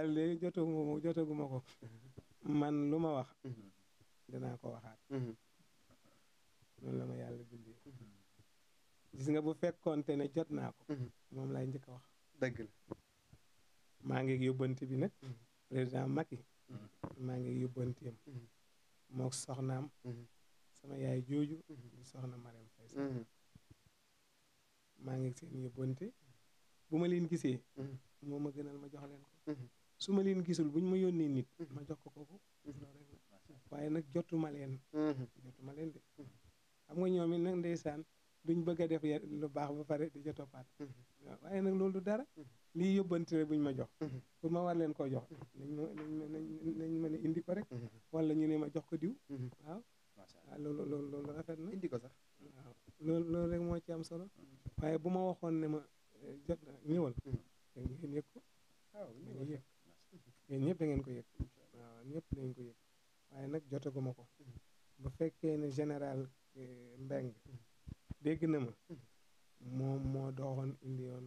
daal léegi jotaguma jotaguma ko man lu ma wax dinaa ko waxaat noonu la ma yàlla bindee gis nga bu fekkoonte ne jot naa ko moom laay njëkk a wax dëgg la maa ngi yóbbante bi nag mm-hmm. président Macky mm-hmm. maa ngi yóbbanteem mm-hmm. mook soxnaam sama yaay jooju di soxna Mariam Faye maa ngi seen yóbbante bu ma leen gisee moo ma gënal ma jox leen ko su ma leen gisul bu buñ ma yónnee nit mhm. ma jox ko kooku mhm. loolu rek waaye nag jotuma leen mhm. jotu ma leen de xam nga ñoom it nag ndeysaan duñ bëgg a def lu baax ba pare di ca toppaat waaye nag loolu dara lii yóbbante la buñ ma jox pour ma war leen koo jox nañ ma nañ ma nañ ne indi ko rek wala ñu ne ma jox ko diw waaw dégg na ma moom moo doxoon indi yoon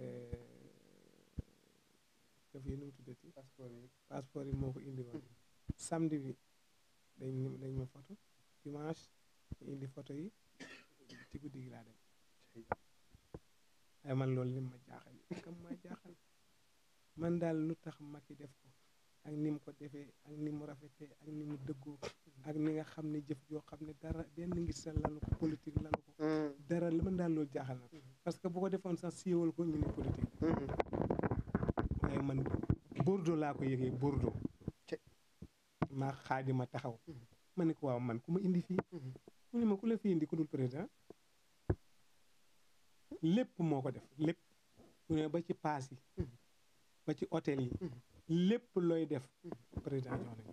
eh, daf yi nu mu tuddati passeport yi passeport yi moo ko indi woon samedi bi dañ dañ ma photo dimanche ñu indi photo yi ci guddi dem ay man loolu lim ma jaaxal kam ma jaaxal man daal lu tax Macky def ko ak ni ko defee ak ni mu rafetee ak ni mu dëggoo ak ni nga xam ne jëf yoo xam ne dara benn ngir sa lalu ko politique lalu ko mm. dara la mën daal loolu jaaxal na mm-hmm. parce que bu ko defoon sax siiwal ko ñu ne politique mm-hmm. waaye man Bordeaux laa ko yëgee Bordeaux maa xaadima taxaw mm-hmm. ma ne ko waaw man ku ma indi fii mu ne ma ku la fi indi ku dul président lépp moo ko def lépp mu ne ba ci paas yi ba ci hôtel yi lépp looy def président jox nañu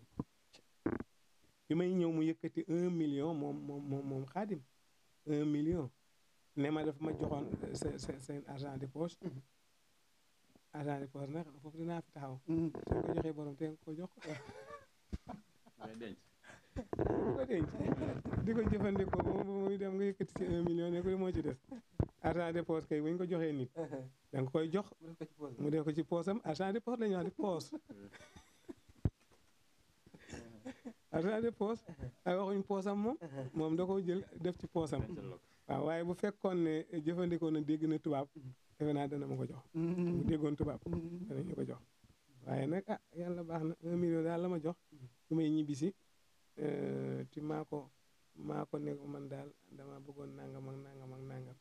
bi may ñëw mu yëkkati un million moom moom moom moom xaadim un million ne ma dafa ma joxoon euh, seen seen argent de poche mm-hmm. argent de poche nag foofu dinaa fi taxaw mm-hmm. soo ko joxee borom te ko jox denc di ko denc di ko jëfandikoo moom muy un million ne ko moo ci des argent de poche kay bu ñu ko joxee nit uh-huh. da nga koy jox mu def ko ci poosam argent de poche la ñu wax di poche mm-hmm. argent de poche ay waxuñ poosam moom moom da koo jël def ci poosam waaw waaye bu fekkoon ne jëfandikoo na dégg na tubaab defe naa dana ma ko jox mm-hmm. bu déggoon tubaab mm-hmm. danañu ko jox waaye nag ah yàlla baax na un million daal la ma jox mm-hmm. su may ñibbisi euh, ti maa ko maa ko ne man daal dama bëggoon nangam ak nangam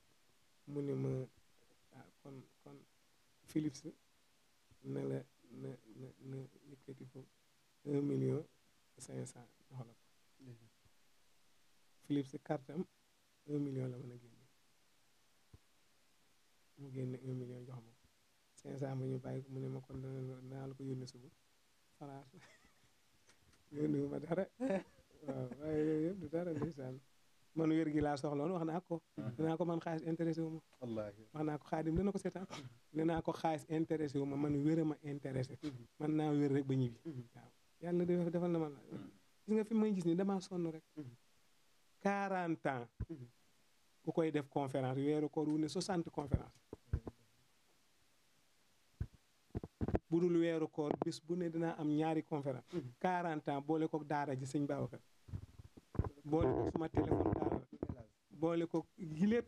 mu ne ma ah kon kon Philips na la na na na yëkkati ko un million cinq cent jox la ko Philips si kartam un million la mën a génne mu génne un million jox ma cinq cent ba ñu bàyyi ko mu ne ma kon danaa la ko yónni suba France yónni ma dara man wér gi laa soxloon wax naa ko mm-hmm. nee ko man xaalis intéressé wu ma wallaahi wax naa ko xaadim dana ko mm-hmm. ma man wér a ma mm-hmm. man naa wér rek ba ñibbi yàlla defal na ma la mm. gis nga fi may gis ni damaa sonn rek mm. quarante ans mm. ku koy def conférence weeru koor wu ne soixante conférence bu dul weeru koor bis bu ne danaa am ñaari conférence quarante ans boole ko daara ji sëñ Babacar boole ko suma téléphone daara boole ko giléet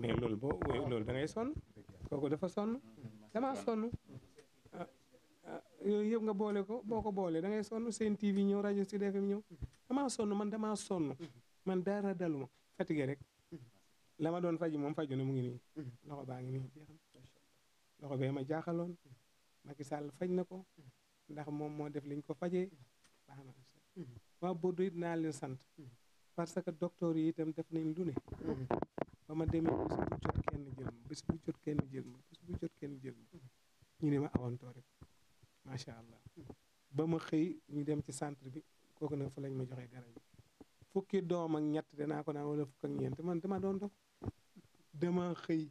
mais loolu boo loolu da sonn kooku dafa sonn damaa sonn yooyu yëpp nga boole ko boo ko boolee da ngay sonn seen TV ñëw rajo Sud FM ñëw damaa sonn man damaa sonn man dara daluma fatige rek la ma doon faji moom faju na mu ngi nii loxo baa ngi nii jeexam loxo bee ma jaaxaloon Macky Sall faj na ko ndax moom moo def liñ ko fajee baax na waa Bodo it naa leen sant parce que docteur yi itam def nañ lu ne ba ma demee bés bu jot kenn jël ma bés bu jot kenn jël ma bés bu kenn jël ñu ne ma awantoore macha allah ba ma xëy ñu dem ci centre bi kooku ne fa lañ ma joxee garab yi fukki doom ak ñett danaa ko naan wala fukk ak ñeent man dama doon dof dama xëy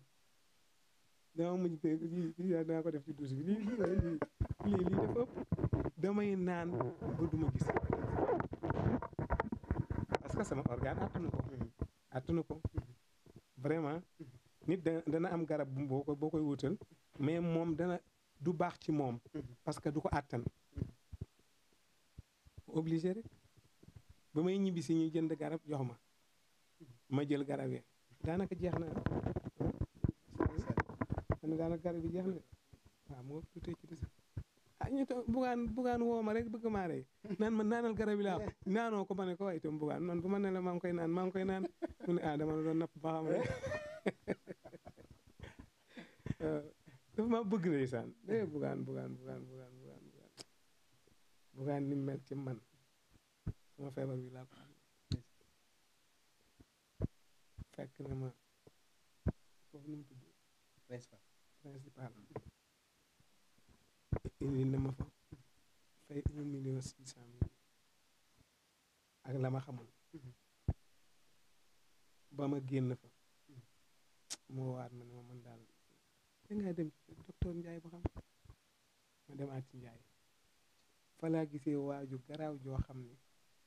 dama ko def ci douche bi lii lii lii lii dafa ëpp damay naan ba duma gis parce que sama organe attanu ko mm-hmm. attanu ko vraiment nit dana am garab boo koy wutal mais moom dana du baax ci moom mm-hmm. parce que du ko àttan ba may ñibbi si ñu jënd garab jox ma ma jël garab yi daanaka jeex na man daanaka garab yi jeex na waaw moo tuutee ci des ah ñu toog bugaan bugaan woo ma rek bëgg maa rey naan ma naanal garab yi laa naanoo ko ma ne ko waaye itam bugaan man bu ma ne la koy naan maa ngi koy naan mu ne ah doon napp ba rek dafa maa bëgg ndeysaan eh bugaan bugaan bugaan bugaan bugaan bugaan bugaan ni mel ci man sama feebar bi laa ko xam fekk na ma foofu nu mu tudd ma fa fay un million six cent ak la ma xamul mm-hmm. ba génn fa mm-hmm. moo waat ma ne ma man daal dangaa dem docteur Ndiaye ba xam ma demaat ci njaay fa laa gisee waaju garaaw joo xam ne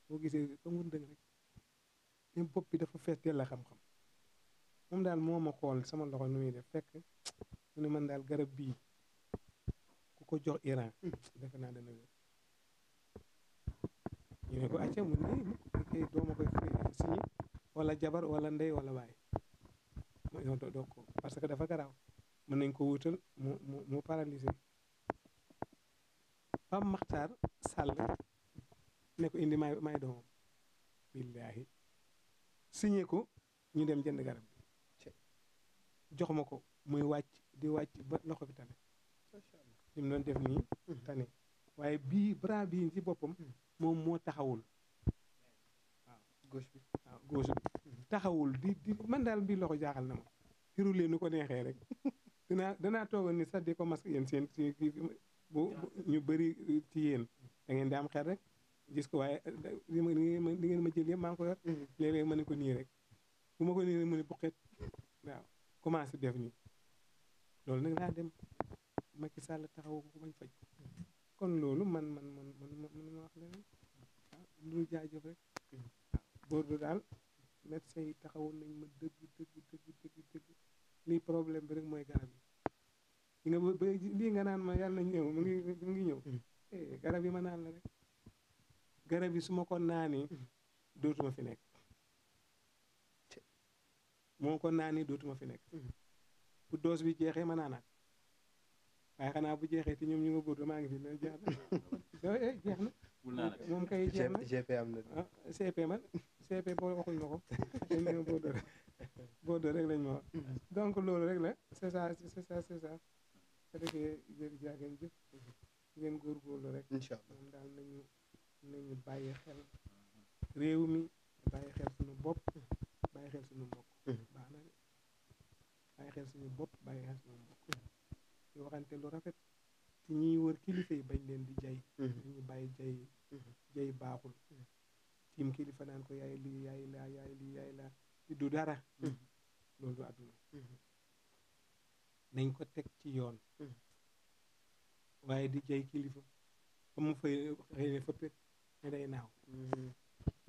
boo gisee ba mu dëng rek ne bopp bi dafa fees dell la xam-xam moom daal moo ma xool sama loxo nu muy def fekk mu ne man daal garab bii ku ko jox Iran hmm, defe naa dana wér ñu ne ko acca mu ne eh, kay dooma koy signé wala jabar wala ndey walla baay mooy doo ko parce que dafa garaaw mën nañ ko wutal mu mu mu paralysé Pam Maxtaar Sàll ne ko indi may may doomam billaahi signé ko ñu dem jënd garab bi jox ma ko muy wàcc di wàcc ba loxo bi tane li mu doon def nii mm-hmm. tane waaye bii bras bii ci boppam mm. moom moo taxawul waaw gauche bi bi mm-hmm. taxawul di di man daal bii loxo jaaxal na ma firule nu ko neexee rek dinaa danaa toogal ni sax di ko masque yéen seen ci bu ñu bëri ci yéen da ngeen di am xel rek gis ko waaye li ngeen ma jël yëpp maa ngi ko yor mm-hmm. léeg-léeg ma ne ko nii rek bu ma ko nii rek mu ne buqet waaw commencé def nii loolu nag laa dem Macky Sall taxawu ko bañ faj ko kon loolu man man man man man ma wax leneen waaw ah, lu jaajëf rek waaw góor du daal médecin yi taxawoon nañ ma dëgg dëgg dëgg lii problème bi rek mooy garab yi nga lii nga naan ma yàlla ñëw mu ngi mu ngi ñëw mm. eh, garab yi ma naan la rek garab yi su ma ko naani mm. dootuma fi nekk moo ko naani dootuma fi nekk mm. bu doos bi jeexee ma naanaat waaye xanaa bu jeexee ti ñoom ñu nga góor maa ngi fi na jeex na eh, na moom kay jeex na CP am na CP ah, man CP boo waxuñ ma ko boo doo rek lañ ma wax mm-hmm. donc loolu rek la c'est ça c'est ça c'est ça sa defee jëri jaageen jëf ngeen góorgóorlu rek incha allah moom daal nañu nañu bàyyi xel réew mi bàyyi xel suñu bopp bàyyi xel suñu mbokk mm-hmm. baax na de bàyyi xel suñu bopp bàyyi xel suñu mbokk ñu waxante lu rafet ci ñiy wër kilifa yi bañ leen di jay mm-hmm. ñu bàyyi jay jay baaxul tiim kilifa naan ko yaay lii yaay laa yaay lii yaay laa du dara mm-hmm. loolu du mm-hmm. nañ ko teg ci yoon mm-hmm. waaye di jay kilifa mu fay xëy ne fëppit ne day naaw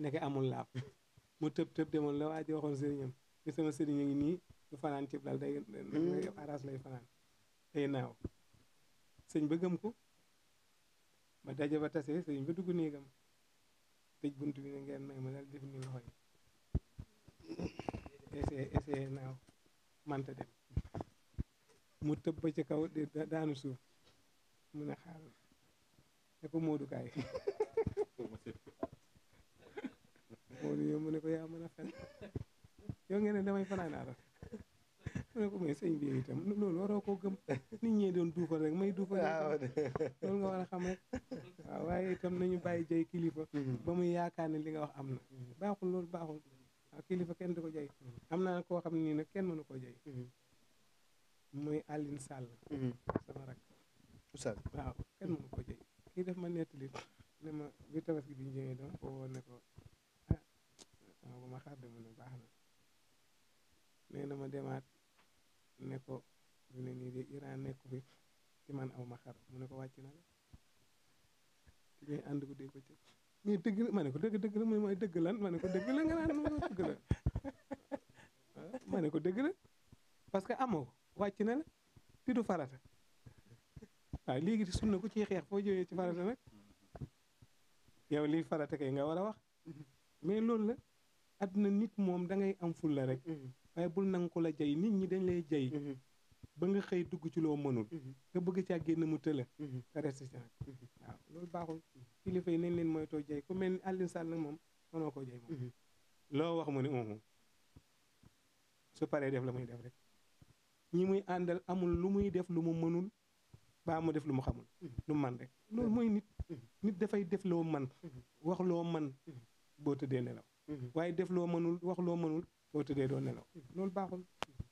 nekk amul laab mu tëb tëb demoon la waa ji waxoon sëriñam sama sëriñ a ngi nii du fanaan cib daal day aras lay fanaan day naaw sëñ ba gëm ko ma daje ba tase sëñ ba dugg néegam tëj bunt bi ne ngeen may ma daal def ni loxo yi essayé essayé naaw manta dem mu tëb ba ci kaw daanu suuf mu ne xaaral ne ko moodukaay mu ne ko yaa mën a fen yow ngeen ne damay fanaanaata mu ne ko may sëñ bi itam loolu waroo koo gëm nit ñee doon duufal rek may duufal nga war a xam rek waaw waaye itam nañu bàyyi jëy kilifa mm-hmm. ba muy yaakaar li nga wax am na baaxul loolu baaxul ak kilifa kenn du ko jay mm-hmm. am naa koo xam ne nii ne kenn mënu koo jay mm-hmm. muy Aline Sall mm-hmm. sama rak waaw kenn mënu koo jay kii def ma nettali ne ma bi tabaski bi ñëwee dama ko woo ne ko ah mu ne baax na nee na ma demaat ne ko mu ne nii de Iran nekku fi ci man aw ma xar mu ne ko wàcc na la ñuy ànd ko dee ko ci mais dëgg la ma ne ko dëgg dëgg la mu ne ma dëgg lan ma ne ko dëgg la nga naan ma ne ko dëgg ah, parce que amoo wàcc na la ti du farata waaw léegi na ku ciy xeex foo jëwee ci farata nag yow lii farata kay nga war a wax mais loolu la àdduna nit moom da ngay am fulla rek mm-hmm. waaye bul nangu ko la jay nit ñi dañ lay jay mm-hmm. ba nga xëy dugg ci loo mënul mhm. nga bëgg caa génn mu tëla mhm. te reste ci mhm. waaw loolu baaxul kilifa yi nañ leen moytoo jay ku mel ni Aliou sa nag moom mënoo koo jay moom loo wax mu ne umu su paree def la muy def rek ñi muy àndal amul lu muy def lu mu mënul baa mu def lu mu xamul lu man rek loolu mooy nit nit dafay def loo man wax loo man boo tëddee nelaw waaye def loo mënul wax loo mënul boo tëddee doo nelaw loolu baaxul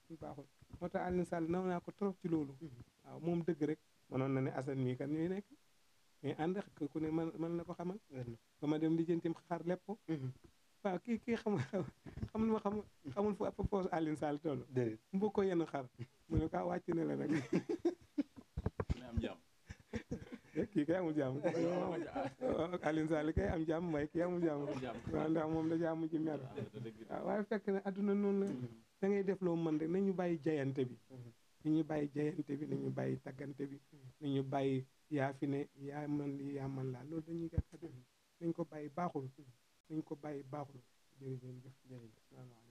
loolu baaxul moo tax Alioune Sall naw naa ko trop ci loolu. Mhm. moom dëgg rek mënoon na ne Assane mii kan ñuy nekk mais ànd ak ku ne man na ko xamal. ba ma dem lijjantim xaar lépp ko. Mhm. waaw kii kii xam xamul ma xam xamul fu apropos Alioune Sall toll. to mu bëgg ko yenn xar mu ne ko ah, wàcc na la nag. na am jàmm. kii kay amul jàmm kay am jàmm may kii amul jàmm. waaw ndax moom da jàmm ci mer. waaw waaye fekk na adduna noonu la. Mhm. da ngay def loo man rek nañu bàyyi jayante bi mhm. nañu bàyyi jayante bi nañu bàyyi taggante bi mhm. nañu bàyyi yaa fi ne yaa man lii man laa loolu dañuy gàkka def mhm. nañ ko bàyyi baaxul nañ ko bàyyi baaxul jërëjëf